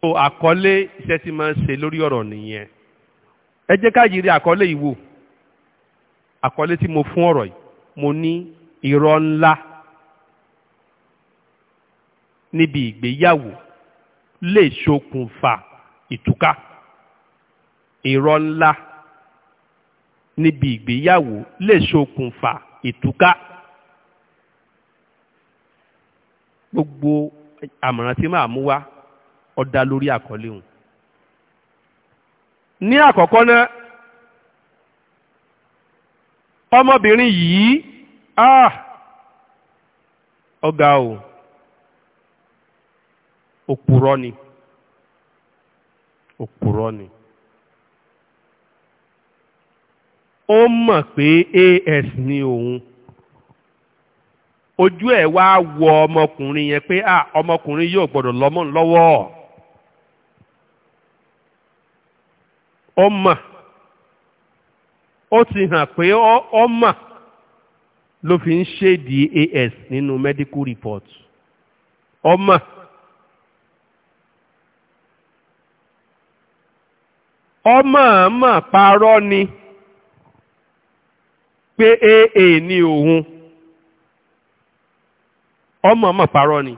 so àkọlé iṣẹ́ tí máa ń ṣe lórí ọ̀rọ̀ nìyẹn ẹ jẹ́ ká yiri àkọlé yìí wò àkọlé tí mo fún ọ̀rọ̀ yìí mo ní irọ́ ńlá níbi ìgbéyàwó lè ṣokùnfà ìtúká irọ́ ńlá níbi ìgbéyàwó lè ṣokùnfà ìtúká gbogbo àmọ̀ràn tí màá mú wá ó lórí àkọlé òun ní àkọ́kọ́ náà ọmọbìnrin yìí ah ọ̀gá o òpùrọ́ ni òpùrọ́ ni ó mọ̀ pé as ni òun ojú ẹ̀ wá wọ ọmọkùnrin yẹn pé ah ọmọkùnrin yóò gbọ́dọ̀ lọ́mọ́ lọ́wọ́ ọ̀. ọma ó ti hàn pé ọmọ ló fi ń ṣèdí as nínú medical report ọma ọmọ àmọ́ parọ́ ni pé aa ni òun ọma àmọ́ parọ́ ni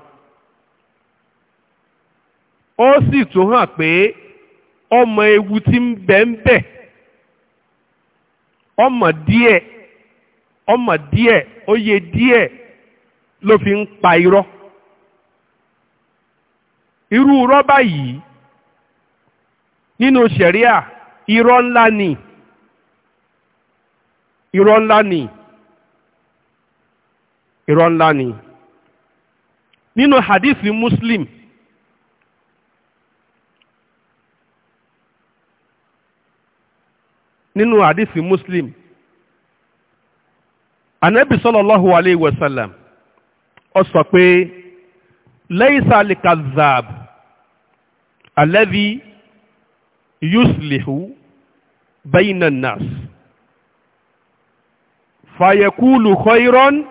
ó sì tún hàn pé ọmọ ewu ti ń bẹ ń bẹ ọmọ díẹ̀ ọmọ díẹ̀ oyè díẹ̀ ló fi ń pa irọ́ irú rọ́bà yìí nínú irọ irọ́ ńlá ni irọ́ ńlá ni irọ́ ńlá ni nínú hadith muslim nínú àdìsí muslim anabi sallallahu alayhi wa sallam ó sọ pé laysa likazab alladhi yuslihu bayna an-nas fayakulu khayran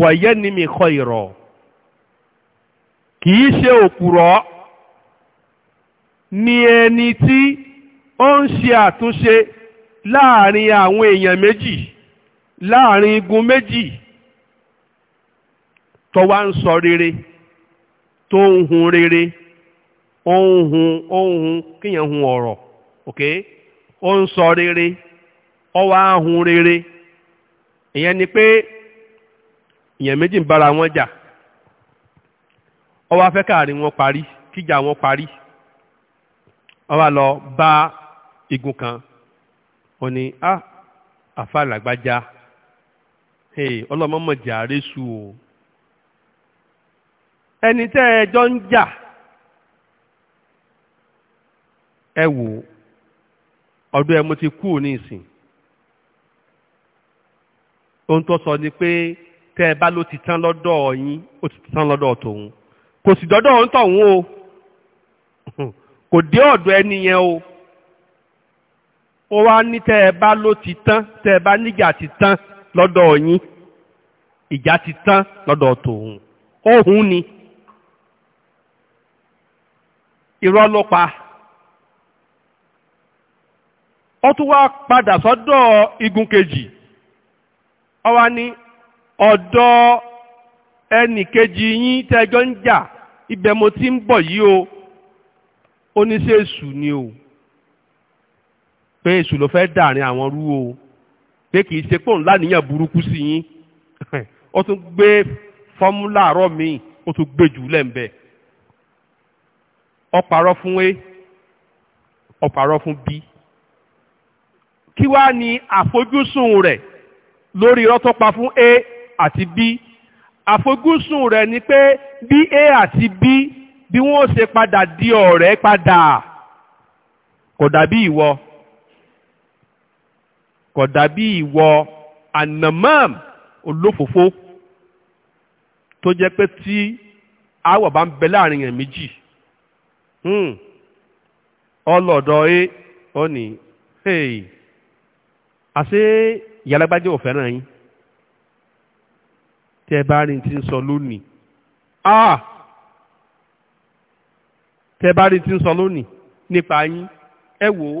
wa yanmi khayran kìí ṣe òpùrọ́ ni ẹni tí ó ń láàrin àwọn èèyàn méjì láàrin igun méjì tó wá ń sọ rere tó ń hun rere ohun ń hun ó hun kíyàn hun ọ̀rọ̀ ok ó ń sọ rere ó wá ń hun rere ìyẹn ni pé èèyàn méjì ń bára wọn jà ó wá fẹ́ káàrin wọn parí kíjà wọn parí ó wá lọ bá igun kan ó ni a ah, àfa làgbájá mọ̀ jà résù o ẹni tẹ́ ẹ jọ ń jà ẹ wò ọdún ẹ mo ti kú ní ìsìn ohun tó sọ ni pé tẹ́ ẹ bá ló ti tán lọ́dọ̀ yín ó ti tán lọ́dọ̀ tòun kò sì dọ́dọ̀ òun tọ̀hún o kò dé ọ̀dọ̀ ẹni yẹn o. ó wá ní tẹ́ ẹ bá ló ti tán tẹ́ ẹ bá ti tán lọ́dọ̀ yín ìjà ti tán lọ́dọ̀ tòun òhun ni irọ́ ló pa ó tún wá padà sọ́dọ̀ igun kejì ó wá ní ọ̀dọ̀ ẹnì kejì yín tẹ́jọ́ ń jà ibẹ̀ mo ti ń bọ̀ yìí o ó ní ṣe èṣù ni o. pé èṣù ló fẹ́ dàrin àwọn rú o pé kì í ṣe pòun láníyàn burúkú sí yín ó tún gbé fọ́múlà àárọ̀ míì ó tún gbé jù lẹ́ǹbẹ̀ ó parọ́ fún a ó parọ́ fún b kí wá ni àfojúsùn rẹ̀ lórí irọ́ fún a àti b àfojúsùn rẹ̀ ni pé bí a àti b bí wọ́n ṣe padà di ọ̀rẹ́ padà kò dàbí ìwọ kò dàbí ìwọ anamam olófòfó tó jẹ́ pé tí àwọ̀ bá ń bẹ láàrin yẹn méjì hmm. ọlọ́dọ̀ ẹ ọ ní àṣé ìyálágbájẹ́ ò fẹ́ràn yín tí ẹ bá rí ti ń sọ lónìí ah tẹ bá rí ti ń sọ lónìí nípa yín ẹ wò ó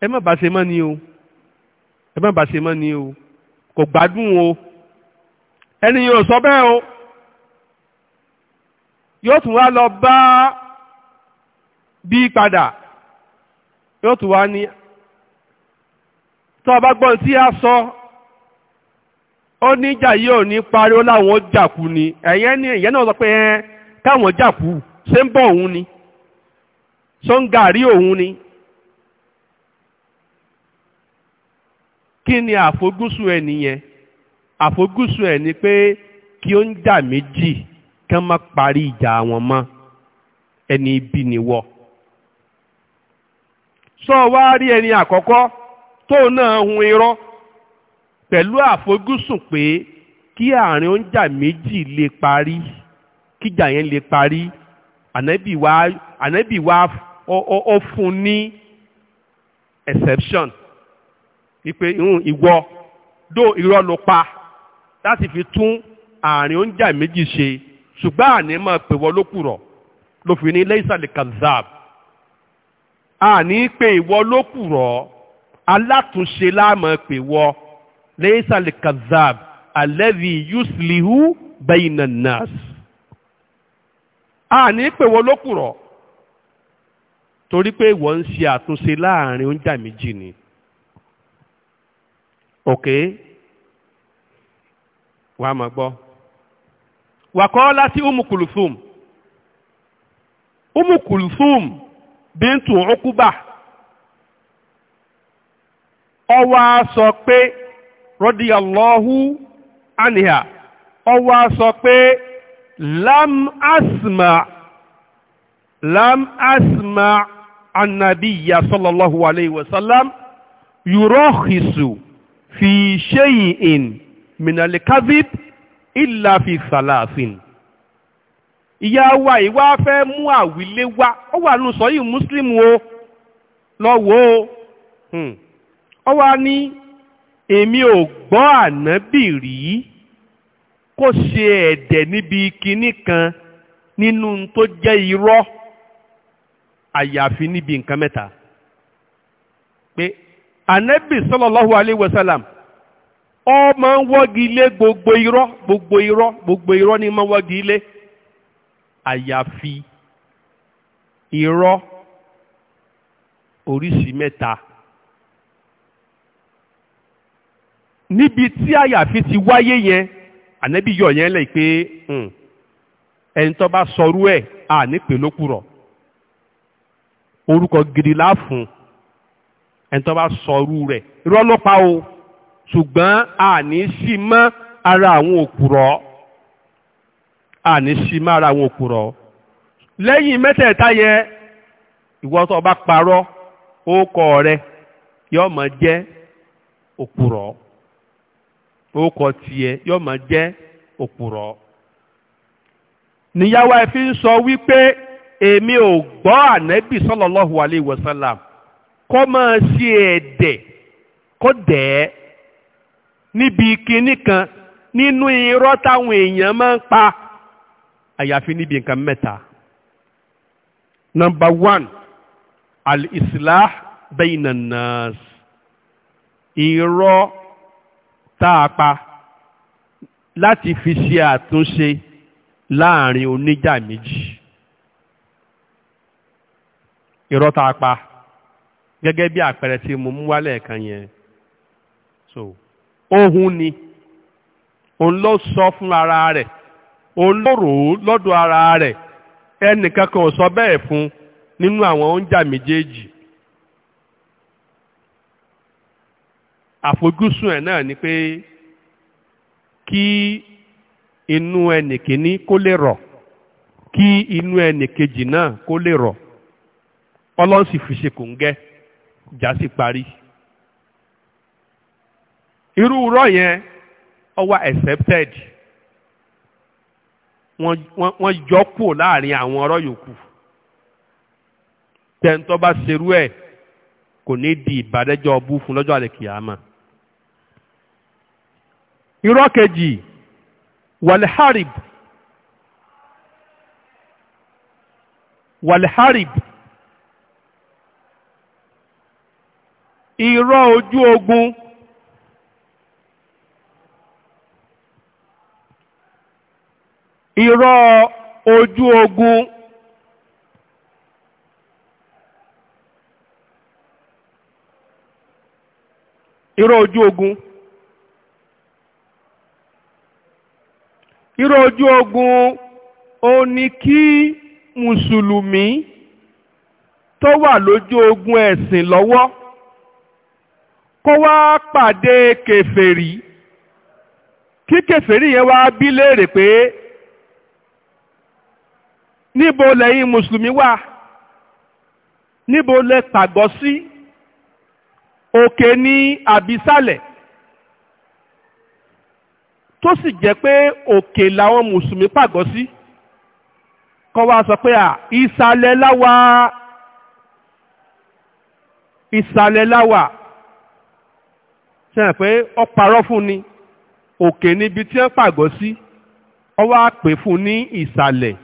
ẹ má bàá ṣe mọ́ ni o ẹ má bàá ṣe mọ́ ni o kò gbádùn o ẹni yóò sọ bẹ́ẹ̀ o yóò tún wá lọ bá bí padà yóò tún wá ní tó ọba gbọ́n tí a sọ ó ní ìjà yìí ò ní pariwo láwọn jàkú ni ẹ̀yẹ́ ní ìyẹn náà sọ pé ẹ káwọn jàkú ṣé ń bọ̀ òun ni ṣó ń gàrí òun ni kí ni àfojúsùn ẹ nìyẹn àfojúsùn ẹ ni pé kí ó ń jà méjì kán má parí ìjà wọn mọ́ ẹni ibi nìwọ sọ wá rí ẹni àkọ́kọ́ tóun náà hun irọ́ pẹ̀lú àfojúsùn pé kí àárín oúnjà méjì lè parí kíjà yẹn lè parí ànábì wa ó fún ní exception ìpè ìhun ìwọ dó irọ́ ló pa láti fi tún àárín oúnjẹ méjì ṣe ṣùgbọ́n àní máa pè wọ́n lókùrọ̀ ló fi ní lẹ́sàlẹ̀ kazab àní pé ìwọ lókùrọ̀ alátúnṣe láàmú pè wọ́ lẹ́sàlẹ̀ kazab alẹ́bí yuslihu bẹ́yìn nas àní pè wọ́n lókùrọ̀ torí pé ìwọ ń ṣe àtúnṣe láàárín oúnjẹ méjì ni. òkè wàá máa gbọ́ wàkọ́ láti umu kulufum umu kulufum bíntu ukuba ó wá sọ pé rọ́díyàlọ́hù àníhà ó wá sọ pé lam asma lam asma ya sallallahu alayhi wa sallam yurọ́hìsù. fi shay'in minal kadhib illa fi salasin ìyá wa ìwá fẹ́ mú àwílé wá ó wà nù sọ́yìn muslim o lọ wò ó hmm. ó wá ní èmi ò gbọ́ ànábì kó ṣe ẹ̀dẹ̀ níbi kinní kan nínú tó jẹ́ irọ́ àyàfi níbi nǹkan mẹ́ta pé ànẹ́bì sallallahu alaihi wasallam ó máa ń wọ́gi lé gbogbo irọ́ gbogbo irọ́ gbogbo irọ́ ni máa ń wọ́gi lé àyàfi irọ́ oríṣi mẹ́ta níbi tí àyàfi ti wáyé yẹn ànẹ́bì yọ̀ yẹn lẹ̀ pé hmm, ẹni tó bá sọrú ẹ̀ à nípe orúkọ gidi láàfún ẹni tó bá sọrú rẹ̀ irọ́ ló pa o ṣùgbọ́n àní sí mọ́ ara àwọn òkùrọ̀ àní sí mọ́ ara àwọn òkùrọ̀ lẹ́yìn mẹ́tẹ̀ẹ̀ta yẹ ìwọ bá parọ́ ó rẹ yóò máa jẹ́ òkùrọ̀ ó tiẹ̀ yóò máa jẹ́ òkùrọ̀ níyàwó ẹ fi ń sọ wípé èmi ò gbọ́ ànẹ́bì sallallahu alaihi wasallam kọ́ máa ṣe ẹ̀dẹ̀ kọ́ dẹ̀ ẹ́ níbi kinní kan nínú irọ́ táwọn èèyàn máa ń pa àyàfi níbi nǹkan mẹ́ta. Number one, al-islah bayna an-nas. Irọ́ tá a pa láti fi ṣe àtúnṣe láàrin oníjà méjì. Irọ́ tá a pa. gẹ́gẹ́ bí àpẹẹrẹ tí mo mú wálẹ̀ kan yẹn so ohun ni òun ló sọ fún ara rẹ̀ òun ló rò ó lọ́dọ̀ ara rẹ̀ ẹnìkan kan ò sọ bẹ́ẹ̀ fún nínú àwọn oúnjà méjèèjì àfojúsùn ẹ̀ náà ni pé kí inú ẹnìkíní kó lè rọ̀ kí inú ẹnìkejì náà kó lè rọ̀ fi ṣe ìjà sì parí irú irọ́ yẹn ó wọn accepted wọ́n yọ kúrò láàrin àwọn ọ̀rọ̀ yòókù tẹ́ńtọ́ bá ṣerú ẹ̀ kò ní di ìbàdẹ́jọ́ ọbú fún lọ́jọ́ àlèkìyàmà irọ́ kejì wàlẹ́hárìb wàlẹ́hárìb irọ́ ojú ogun irọ́ ojú ogun irọ́ ojú ogun irọ́ ojú ogun ó ní kí mùsùlùmí tó wà lójú ogun ẹ̀sìn lọ́wọ́. kó wá pàdé kèfèrí kí kèfèrí yẹn wá bí léèrè pé níbo lẹ́yìn mùsùlùmí wà níbo lẹ pàgọ́ sí òkè ní àbísàlẹ̀ tó sì jẹ́ pé òkè làwọn mùsùlùmí pàgọ́ sí kó wá sọ pé à ìsàlẹ̀ láwa ìsàlẹ̀ láwa ṣe hàn pé ó parọ́ fún ni òkè níbi tí wọ́n pàgọ́ sí ó wá pè fún ní ìsàlẹ̀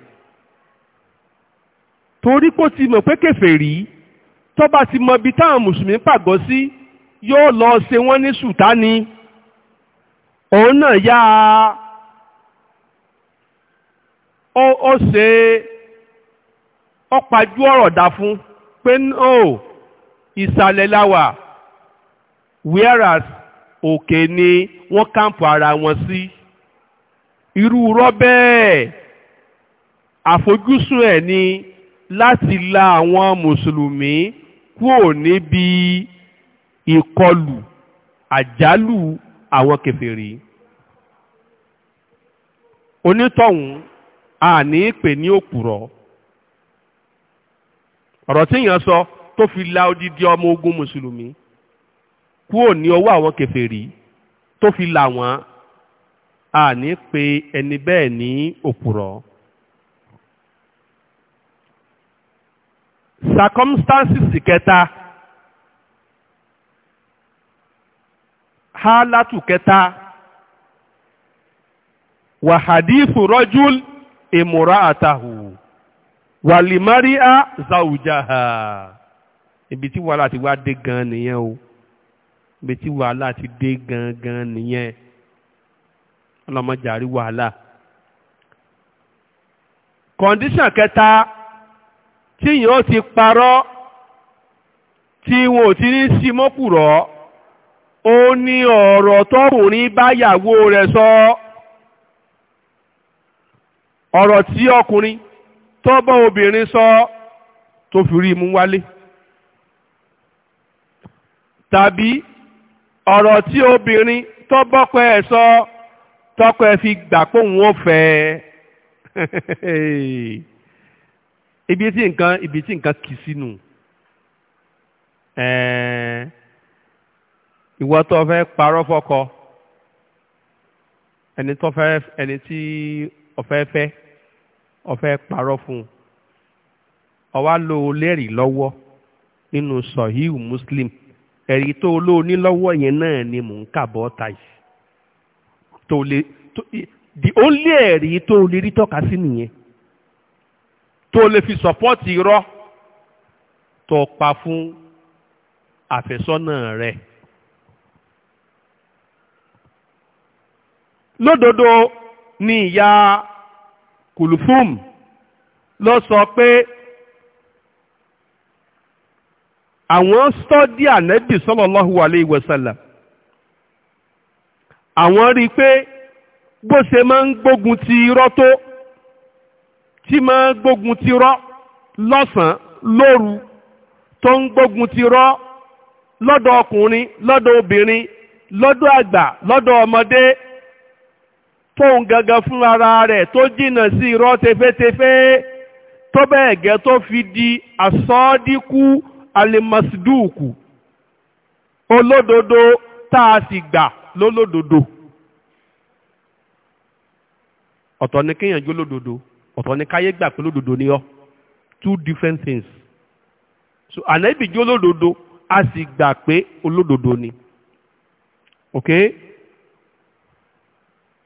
torí kó ti mọ̀ pé kèfèrí tó bá ti mọ ibi táwọn mùsùlùmí pàgọ́ sí yóò lọ ṣe wọ́n ní sùtánì òun náà yá ó ó ṣe ó pajú ọ̀rọ̀ dá fún pé ó ìsàlẹ̀ la wà whereas òkè ni wọ́n kàǹpù ara wọn sí irú rọ́bẹ́ẹ̀ àfojúsùn ẹ̀ ni láti la àwọn mùsùlùmí kúrò níbi ìkọlù àjálù àwọn kèfèrí onítọ̀hún a ní pè ní òpùrọ̀ ọ̀rọ̀ tí èèyàn sọ tó fi la odidi ọmọ ogun mùsùlùmí kúrò ní ọwọ́ àwọn kèfèrí tó fi là wọ́n a ní pe ẹni bẹ́ẹ̀ ní òpùrọ̀. circumstances kẹta hálàtù kẹta wàhádìfù rọ́júl ìmúra àtàhù wàlìmáríà zàwùjáhà ibi tí wàhálà ti wá dé gan nìyẹn o ibi tí wàhálà ti dé gangan nìyẹn ọlọ́mọdé àrí wàhálà. kọ̀ǹdíṣàn kẹta tí yìí ó ti parọ́ tí wọn ò ti ní sí mọ́kùrọ̀ ó ní ọ̀rọ̀ tọkùnrin báyàwó rẹ̀ sọ ọ̀rọ̀ tí ọkùnrin tó obìnrin sọ tó fi rí mú wálé tàbí ọ̀rọ̀ tí obìnrin tó bọ́kọ ẹ̀ sọ tọkọ ẹ̀ fi gbà póun ó fẹ́ ibi tí nǹkan ibi tí nǹkan kì sínú ìwọ tó fẹ́ parọ́ fọ́kọ ẹni tó fẹ́ ẹni tí ọ̀fẹ́ fẹ́ ọ̀fẹ́ parọ́ fún un ọ̀wá lo lẹ́rìí lọ́wọ́ nínú sọ̀híù muslim ẹ̀rí tó olóòní lọ́wọ́ yẹn náà ni mò ń kàbọ̀ táyì tó lè the only ẹ̀rí tó lè rí tọ́ka sí nìyẹn tó lè fi sọ́pọ́ọ̀tì irọ́ tó pa fún àfẹ́sọ́nà rẹ̀. lódodo ni ìyá kùlùfùm ló sọ pé àwọn stọ́dí ànẹ́bì sallallahu alayhi wa sallam àwọn rí pé bó ṣe máa ń gbógun ti tó tí máa ń gbógun ti lọ́sàn-án lóru tó ń gbógun ti irọ́ lọ́dọ̀ ọkùnrin lọ́dọ̀ obìnrin lọ́dọ̀ àgbà fún ara rẹ̀ tó jìnnà di alimasduku olódodo taa a sì gbà lólódodo ọ̀tọ̀ ni kéèyàn jó lódodo ọ̀tọ̀ ni káyé gbà pé lódodo ni ọ́ two different things so anabi jó lódodo a sì gbà pé olódodo ni ok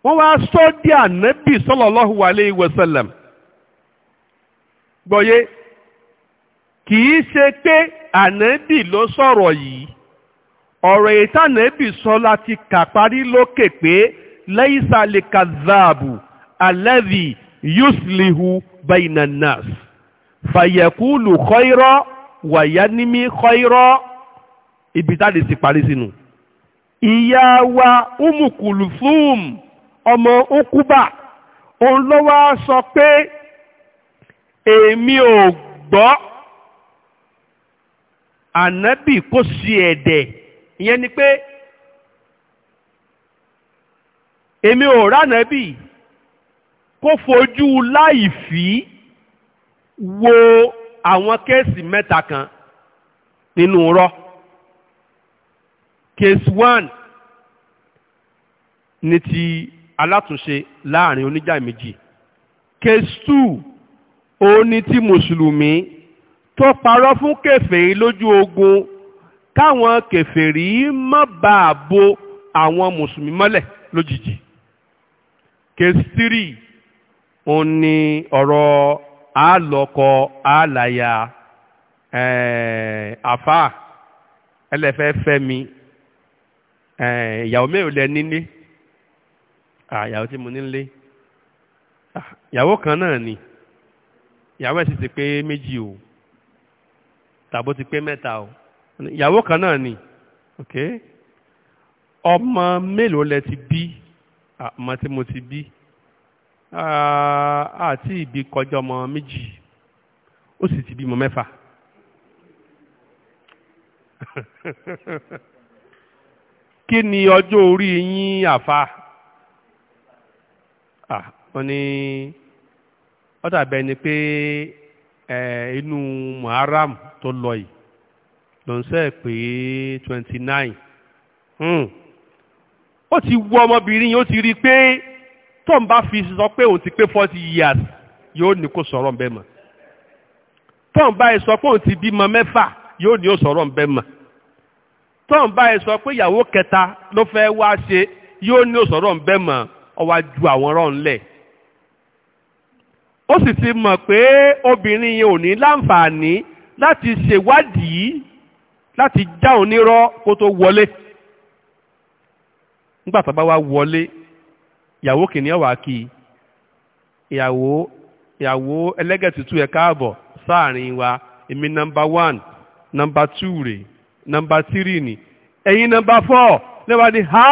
wọ́n wá sọ di anabi sọlọ alayhi wa sallam gbọ́yé kì í ṣe pé ànábì ló sọ̀rọ̀ yìí ọ̀rọ̀ ìtànábì sọ láti kà parí lókè pé laisa li kazaabu alladhi yuslihu bayna nas fàyẹ̀kúlù khayra wàyánimí khayra ibi táde sì parí sínú. ìyá wa umu kulufum ọmọ okuba òun ló sọ pé èmi ò gbọ́ ànábì kò sí ẹ̀dẹ̀ ìyẹn ni pé èmi ò ránàbì kó fojú láì fi wo àwọn kéèsì mẹ́ta kan nínú rọ́ case one ní ti alátúnṣe láàrin oníjà méjì case two òun ni ti mùsùlùmí tó parọ́ fún kèfèrí lójú ogun káwọn kèfèrí má bàa bo àwọn mùsùlùmí mọ́lẹ̀ lójijì case three òun ni ọ̀rọ̀ àlọ́kọ àlàyà eh, àfà ẹlẹ́fẹ́fẹ́ mi eh, ìyàwó mẹ́rin lẹ nílé ah, ìyàwó tí mo nílé ah, ìyàwó kan náà ni ìyàwó ẹ̀ sì ti pé méjì o tàbó ti pé mẹ́ta o ìyàwó kan náà ni ok ọmọ mélòó lẹ ti bí ọmọ tí mo ti bí àti ìbí kọjá ọmọ méjì ó sì ti bímọ mẹ́fà kí ni ọjọ́ orí yín àfa ah wọ́n ní ó dà ni pé inú muharram tó lọ yìí ló ń sẹ́ pé twenty nine hmm. ó ti wọ ọmọbìnrin yìí ó ti rí i pé tóun bá fi sọ pé òun ti pé forty years yóò ní kó sọ̀rọ̀ ń bẹ́ẹ̀ mọ̀ tóun bá yẹ sọ pé òun ti bímọ mẹ́fà yóò ní ó sọ̀rọ̀ ń bẹ́ẹ̀ mọ̀ tóun bá yẹ sọ pé ìyàwó kẹta ló fẹ́ wá ṣe yóò ní ó sọ̀rọ̀ ń bẹ́ẹ̀ mọ̀ ọwájú àwọn ọ̀rọ̀ ńlẹ̀ ó sì ti mọ̀ pé obìnrin yẹn ò ní láǹfààní láti ṣèwádìí láti já onírọ́ kó tó wọlé nígbà tó bá wá wọlé ìyàwó kìíní ọ̀wà kí ìyàwó ìyàwó ẹlẹ́gẹ̀ tútù ẹ̀ káàbọ̀ sáàrin wa èmi nọmba one nọmba two rè nọmba ni ẹ̀yin nọmba four lẹ́wà ni ha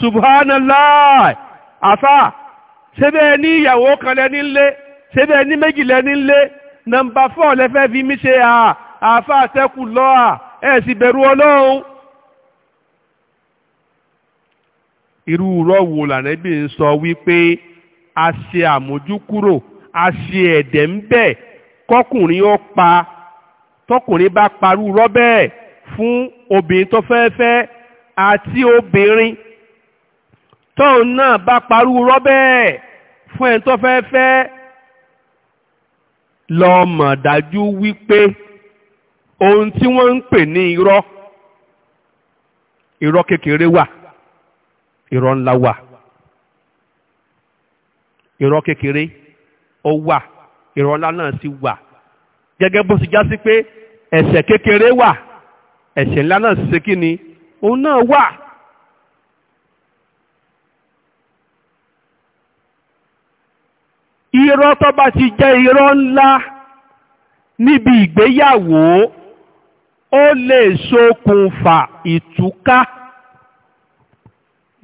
subhanallah àfà ṣé bẹ́ẹ̀ ní ìyàwó kan lẹ́ni lé. ṣé bẹ́ẹ̀ ní méjì lẹ́ni lé nọmba fọ́ọ̀ lẹ́fẹ́ fi mí ṣe àáfà àtẹ́kù lọ́à ẹ̀ sì bẹ̀rù ọlọ́run. irú rọ́wù lànàbí ń sọ wípé a ṣe àmójúkúrò a ṣe ẹ̀dẹ̀ ń bẹ̀ kọkùnrin ó pa tọkùnrin bá parú rọ́bẹ̀ fún obìnrin tó fẹ́ àti obìnrin tóun náà bá parú rọ́bẹ̀ fún ẹni tó fẹ́ lọ mọ̀ dájú wípé ohun tí wọ́n ń pè ní irọ́ irọ́ kékeré wà irọ́ ńlá wà irọ́ kékeré ó wà irọ́ ńlá náà sì wà gẹ́gẹ́ bó sì já sí pé ẹ̀ṣẹ̀ kékeré wà ẹ̀ṣẹ̀ ńlá náà sì ṣe kí ni òun náà wà. irọ́ tó bá ti jẹ́ irọ́ ńlá níbi ìgbéyàwó ó lè ṣokùnfà ìtúká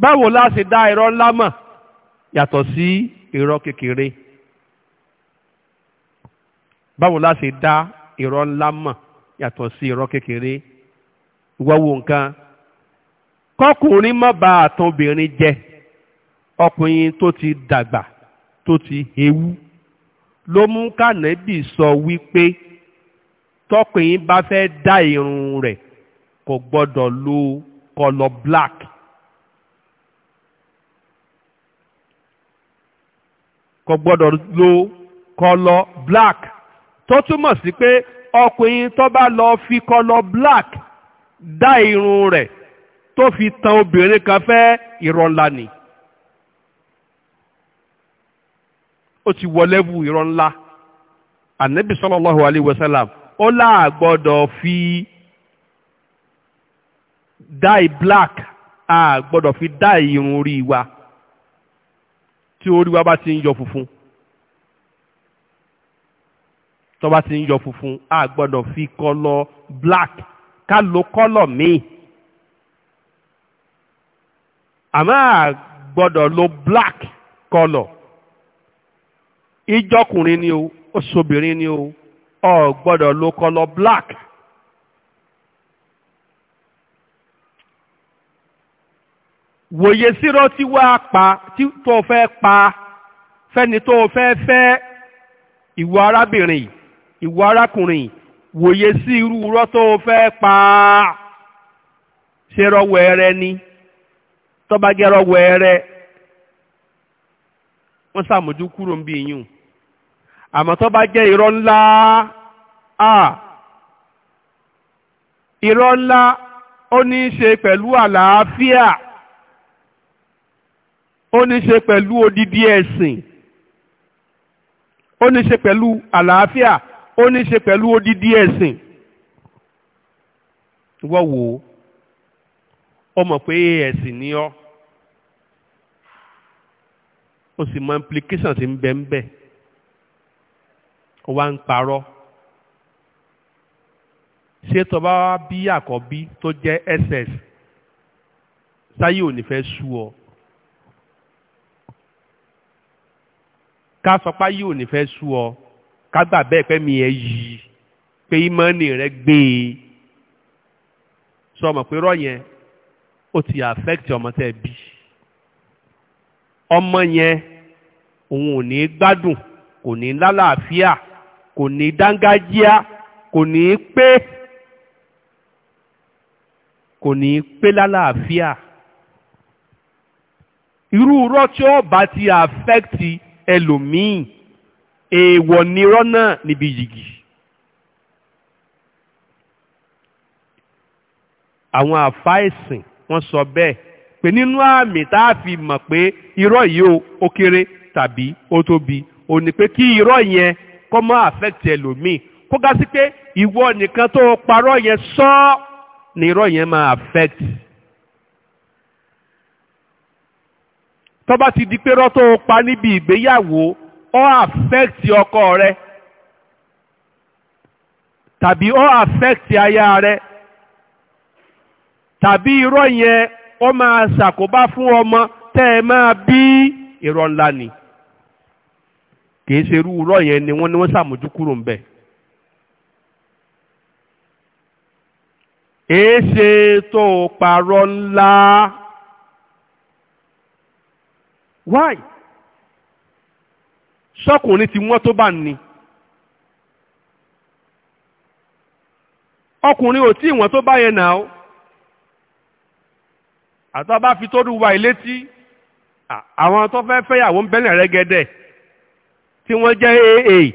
báwo la ṣe dá irọ́ ńlá mọ̀ yàtọ̀ sí irọ́ kékeré báwo la ṣe dá irọ́ ńlá mọ̀ yàtọ̀ sí irọ́ kékeré ìwọ́wò nǹkan kọkùnrin má bàa àtọ̀bìnrin jẹ ọkùnrin tó ti dàgbà tó ti hewú ló mú kànẹ́bì sọ wípé tọkùnrin bá fẹ́ dá irun rẹ̀ kò gbọ́dọ̀ lo kọlọ black. kò gbọ́dọ̀ lo kọlọ black tó túmọ̀ sí pé ọkùnrin tó bá lọ fi kọlọ black dá irun rẹ̀ tó fi tan obìnrin kan fẹ́ ìrọ̀lá ó ti wọlé bu irọ́ ńlá ànábì sallallahu alayhi wa sallam ó láàgbọ́dọ̀ fi dye black àgbọ́dọ̀ fi dye irun orí wa tí orí wa bá ti ń yọ funfun tó bá ti ń yọ funfun àgbọ́dọ̀ fi kọlọ black ká lo kọlọ míì àmọ́ àgbọ́dọ̀ lo black kọlọ̀ ìjọkùnrin ni o oṣobìnrin ni o ọ gbọdọ lo kọlọ black. wòye sírọ́ tí wàá pa tí tó fẹ́ pa fẹni tó fẹ fẹ ìwọ arábìnrin ìwọ arákùnrin wòye sí irú irọ́ tó fẹ́ pa ṣe rọ wẹ̀ẹ́rẹ́ ni tọ́ba jẹ́ rọ wọn wọ́n ṣàmójú kúrò ń bí yín o. àmọ́ tó bá jẹ́ irọ́ ńlá à irọ́ ńlá ó ní í ṣe pẹ̀lú àlàáfíà ó ní í ṣe pẹ̀lú odidi ẹ̀sìn ó ní í ṣe pẹ̀lú àlàáfíà ó ní í ṣe pẹ̀lú odidi ẹ̀sìn wọ́n wò ó ó mọ̀ pé ẹ̀sìn ni ọ́ ó sì mọ implication tí ń bẹ ń bẹ́ẹ̀ ó wá ń parọ́ ṣé tó bá wá bí àkọ́bí tó jẹ́ ss sáyé ò ní fẹ́ sú ọ ká sọ pé ayé ò ní fẹ́ sú ọ ká gbà bẹ́ẹ̀ pẹ́ mi ẹ yí pé ìmọ̀ọ́nì rẹ gbé e sọ mọ̀ pé rọ́ yẹn ó ti affect ọmọ tẹ́ bí ọmọ yẹn òun ò ní gbádùn kò ní lálàáfíà kò ní dángájíá kò ní pé kò ní pé lálàáfíà irú irọ́ tí ó bá ti àfẹ́kìtì ẹlòmíì èèwọ̀ nírọ́ náà níbi yìgì. àwọn àfa ẹ̀sìn wọ́n sọ bẹ́ẹ̀ pé nínú àmì tá a fi mọ̀ pé irọ́ yìí ó kéré tàbí ó tóbi ó ní pé kí irọ́ yẹn kó má àfẹ́tì ẹlòmíì kó ga sí pé ìwọ nìkan tó parọ́ yẹn sọ́ ni irọ́ yẹn máa àfẹ́tì. tó ti di pé rọ́ tó pa níbi ìgbéyàwó ọ àfẹ́tì ọkọ rẹ tàbí ọ àfẹ́tì aya rẹ tàbí irọ́ yẹn ó máa ṣàkóbá fún ọmọ tẹ́ ẹ máa bí irọ́ ńlá ni. kìí ṣe irú irọ́ yẹn ni wọ́n ní wọ́n ṣàmójú kúrò ń bẹ̀. èéṣe tó parọ́ ńlá why sọkùnrin tí wọ́n tó bá ní ọkùnrin ò tí ìwọ̀n tó bá yẹn nà ó àtọ́ bá fi tó rú wa ìlétí àwọn tó fẹ́ fẹ́yàwó ń bẹ́lẹ̀ rẹ́gẹ́dẹ́ tí wọ́n jẹ́ aa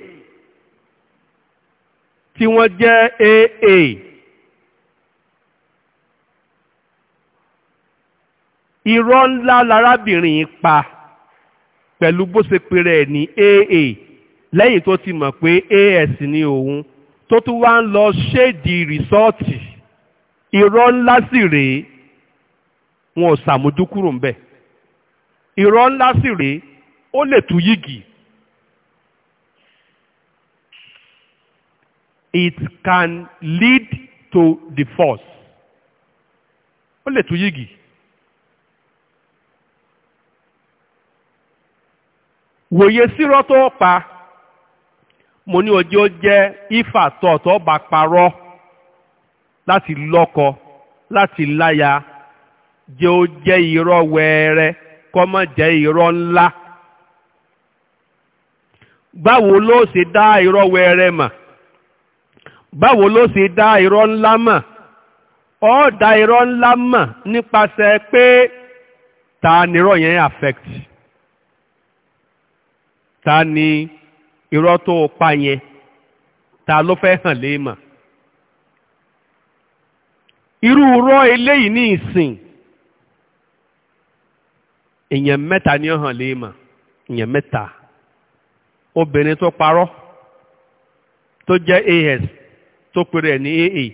tí wọ́n jẹ́ aa irọ́ ńlá larábìnrin pa pẹ̀lú bó ṣe pèrè ní aa lẹ́yìn tó ti mọ̀ pé as ni òun tó tún wá ń lọ ṣéèdì rìsọ́ọ̀tì irọ́ ńlá sì rèé wọn ò ṣàmójúkúrò ńbẹ̀ irọ́ ńlá sì rèé ó lè tú yìgì it can lead to divorce. ó lè tú yìgì. wòye sírọ́ tó pa mo ní ọjọ́ jẹ́ ifá tọ̀ọ̀tọ̀ bá parọ́ láti lọ́kọ láti láya jẹ́ ó jẹ́ irọ́ wẹ́ẹ́rẹ́ kọ́ mọ́ jẹ́ irọ́ ńlá. báwo ló ṣe dá irọ́ wẹ́ẹ́rẹ́ mà? báwo ló ṣe dá irọ́ ńlá mọ̀ ó dá irọ́ ńlá mọ̀ nípasẹ̀ pé ta ni irọ́ yẹn affect ta ni irọ́ tó pa yẹn ta ló fẹ́ hàn lé mọ̀ irú irọ́ eléyìí ní ìsìn èèyàn mẹ́ta ni ó hàn lé mọ̀ èèyàn mẹ́ta obìnrin tó parọ́ tó jẹ́ as tó pèrè ẹ̀ ní aa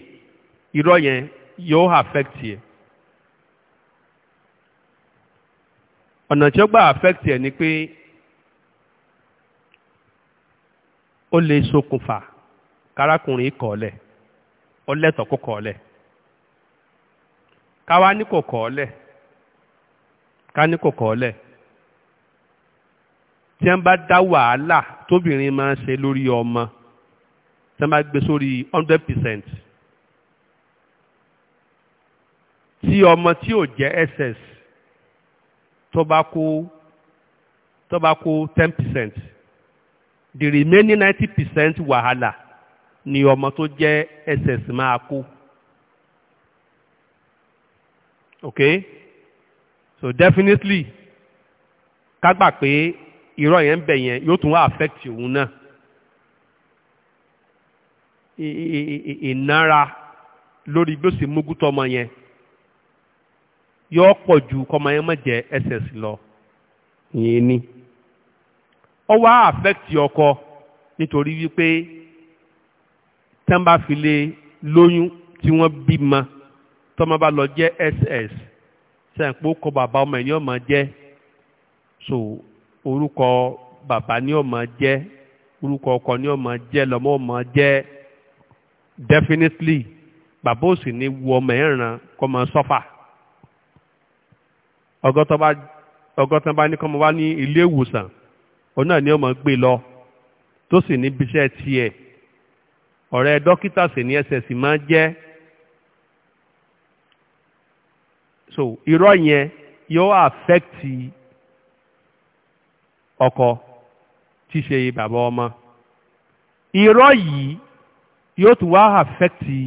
irọ́ yẹn yóò affect ẹ̀ ọ̀nà tí ó gbà affect ni pé ó lè ṣokùnfà kárákùnrin kọ̀ọ̀lẹ̀ ó lẹ́tọ̀ọ́ káwa ní kò ká ní kò tí wọ́n bá dá wàhálà tóbìnrin máa ń ṣe lórí ọmọ tí wọ́n bá gbé sórí hundred percent tí ọmọ tí ò jẹ́ ss tó bá kó tó bá kó ten percent the remaining ninety percent wàhálà ni ọmọ tó jẹ́ ss máa kó okay so definitely ká gbà pé irọ́ yẹn ń bẹ̀ yẹn yóò tún wá affect òun náà ìnára lórí bí ó sì mógútó ọmọ yẹn yóò pọ̀ ju kọmọ yẹn má jẹ́ ss lọ ìyẹn ni ó wá àfẹ́kìtì ọkọ nítorí wípé tán bá lóyún tí wọ́n bímọ tọ́mọ bá lọ jẹ́ ss sẹ́ǹpó kọ bàbá ọmọ ẹ̀yìn ọmọ jẹ́ so orúkọ bàbá ní ọmọ jẹ́ orúkọ ọkọ ní ọmọ jẹ́ lọ́mọ ọmọ jẹ́ definitely bàbá òsì ní wu ọmọ ẹ̀ràn kọ́ mọ sọ́fà ọgọ́tàn bá ní kọ́ mọ wá ní ilé ìwòsàn òun náà ni ọmọ gbé lọ tó sì ní bíṣẹ́ tiẹ̀ ọ̀rẹ́ dókítà sì ní ẹsẹ̀ sì máa jẹ́ so irọ́ yẹn yóò affect ọkọ tí ṣe bàbá ọmọ irọ́ yìí yóò tún wá àfẹ́tì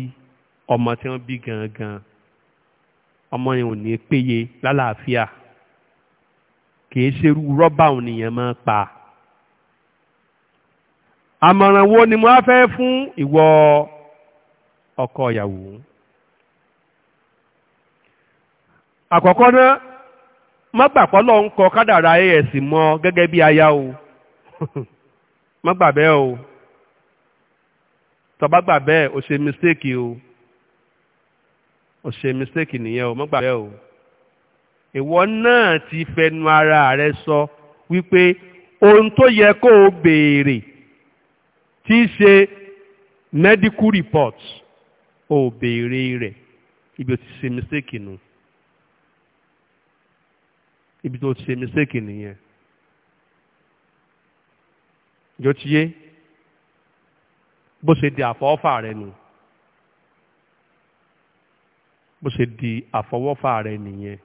ọmọ tí wọ́n bí gangan ọmọ yẹn ò ní péye lálàáfíà kì í ṣerú rọ́bà òun máa pa àmọ̀ràn wo ni mo á fẹ́ fún ìwọ ọkọ ìyàwó àkọ́kọ́ náà má gbàpọ̀ lọ ń kọ kádàrá as mọ́ gẹ́gẹ́ bí aya o má gbà bẹ́ẹ̀ o tó bá gbà bẹ́ẹ̀ o ṣe mistake o o ṣe mistake nìyẹn o mọ́ gbà bẹ́ẹ̀ o ìwọ náà ti fẹnu ara rẹ sọ wípé ohun tó yẹ kó o béèrè tí ṣe medical report o béèrè rẹ̀ ibi o ti ṣe mistake nù ibi tó ṣe mistake nìyẹn yóò ti yé bó ṣe di àfọwọ́fà rẹ nù bó ṣe di àfọwọ́fà rẹ nìyẹn.